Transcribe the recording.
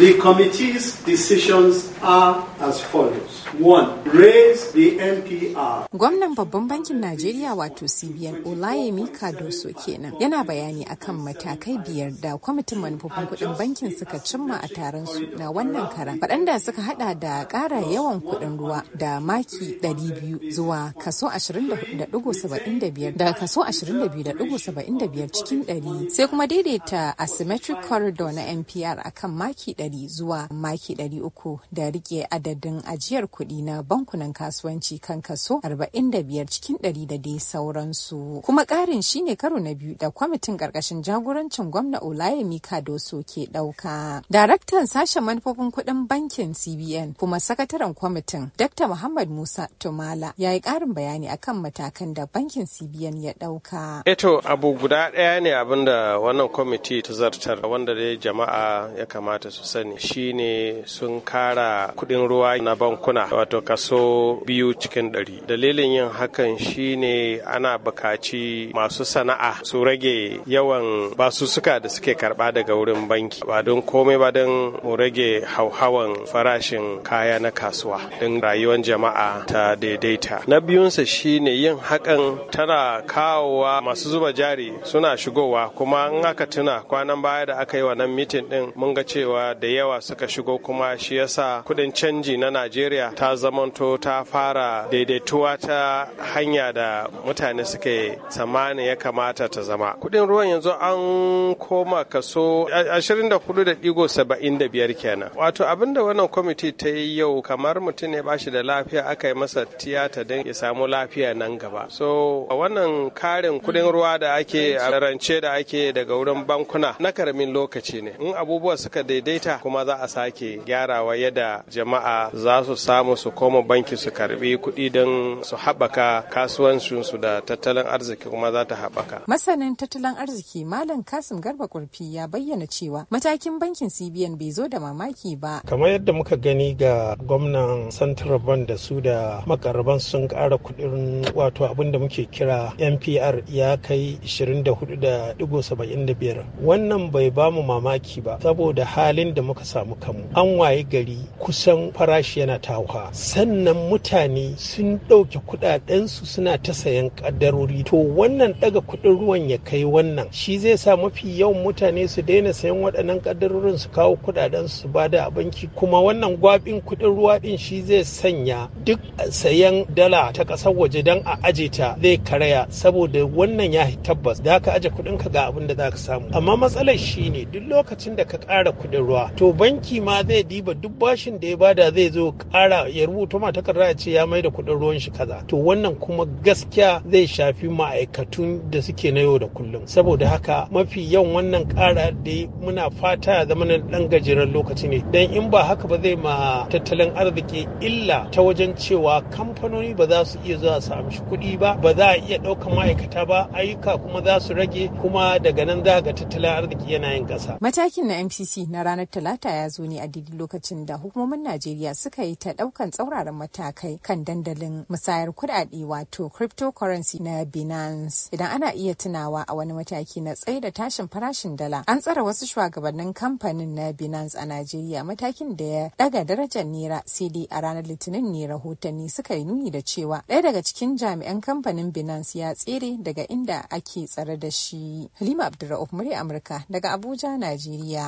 The committee's decisions are as follows. One, raise the NPR. Gwamnan Babban Bankin Najeriya wato CBN Olayemi Kadoso kenan yana bayani akan matakai biyar da kwamitin manufofin kuɗin bankin suka cimma a taron su na wannan karan. Waɗanda suka hada da ƙara yawan kuɗin ruwa da maki 200 zuwa kaso 24.75 da kaso 22.75 cikin 100 sai kuma daidaita asymmetric corridor na NPR akan maki dari zuwa maki uku da rike adadin ajiyar kuɗi na bankunan kasuwanci kan kaso biyar cikin ɗari da dai sauransu. Kuma ƙarin shine karo na biyu da kwamitin ƙarƙashin jagorancin gwamna Mika doso ke ɗauka. Daraktan sashen manufofin kuɗin bankin CBN kuma sakataren kwamitin Dr. Muhammad Musa Tumala ya yi ƙarin bayani akan matakan da bankin CBN ya ɗauka. Eto eh abu guda ɗaya ne abin da wannan kwamiti ta zartar wanda dai jama'a ya kamata su sani shine sun kara kudin ruwa na bankuna wato kaso biyu cikin ɗari dalilin yin hakan shine ana bukaci masu sana'a su rage yawan basussuka da suke karba daga wurin banki ba don komai ba don mu rage hauhawan farashin kaya na kasuwa don rayuwar jama'a ta daidaita na biyunsa shine yin hakan tana kawowa masu zuba jari suna shigowa kuma in aka tuna kwanan baya da aka yi wannan mitin din mun ga cewa da yawa suka shigo kuma shi yasa kudin canji na najeriya ta zamanto ta fara daidaituwa ta hanya da mutane suke tsammanin ya kamata ta zama kudin ruwan yanzu an koma kaso 24.75 kenan wato abinda wannan kwamiti ta yi yau kamar mutum ne ba shi da lafiya aka yi masa tiyata don ya samu lafiya nan gaba so a wannan karin kudin ruwa da ake a rance da ake daga wurin bankuna na karamin lokaci ne in abubuwa suka daidaita kuma za a sake gyarawa yadda jama'a za su samu su koma banki su karbi kuɗi don su haɓaka kasuwancinsu da tattalin arziki kuma za ta haɓaka. Masanin tattalin arziki Malam Kasim Garba Kurfi ya bayyana cewa matakin bankin CBN bai zo da mamaki ba. Kamar yadda muka gani ga gwamnan Central Bank da su da makarban sun ƙara kuɗin wato abin da muke kira NPR ya kai 24.75. Wannan bai ba mu mamaki ba saboda halin da da muka samu kanmu an waye gari kusan farashi yana tawa sannan mutane sun ɗauke kuɗaɗensu suna ta sayan ƙaddarori to wannan ɗaga kuɗin ruwan ya kai wannan shi zai sa mafi yawan mutane su daina sayan waɗannan ƙaddarorin su kawo kuɗaɗensu su bada a banki kuma wannan gwabin kuɗin ruwa din shi zai sanya duk sayan dala ta ƙasar waje dan a aje ta zai karaya saboda wannan ya tabbas da ka aje kuɗinka ga abin da za ka samu amma matsalar shi ne duk lokacin da ka ƙara kuɗin ruwa to banki ma zai diba duk bashin da ya bada zai zo kara ya rubuta ma takarda ya ce ya mai da kuɗin ruwan shi kaza to wannan kuma gaskiya zai shafi ma'aikatun da suke na yau da kullum saboda haka mafi yawan wannan kara da muna fata ya zama dan gajeren lokaci ne dan in ba haka ba zai ma tattalin arziki illa ta wajen cewa kamfanoni ba za su iya zuwa su amshi kuɗi ba ba za a iya ɗaukar ma'aikata ba ayyuka kuma za su rage kuma daga nan za ga tattalin arziki yana yin ƙasa matakin na MCC na ranar talata ya zo ne a didi lokacin da hukumomin najeriya suka yi ta daukan tsauraran matakai kan dandalin musayar kudade wato cryptocurrency na binance idan ana iya tunawa a wani mataki na tsaye da tashin farashin dala an tsara wasu shugabannin kamfanin na binance a najeriya matakin da ya daga darajar naira cd a ranar litinin ne rahotanni suka yi nuni da cewa ɗaya daga cikin jami'an kamfanin binance ya tsere daga inda ake tsare da shi halima abdulra'uf murya amurka daga abuja najeriya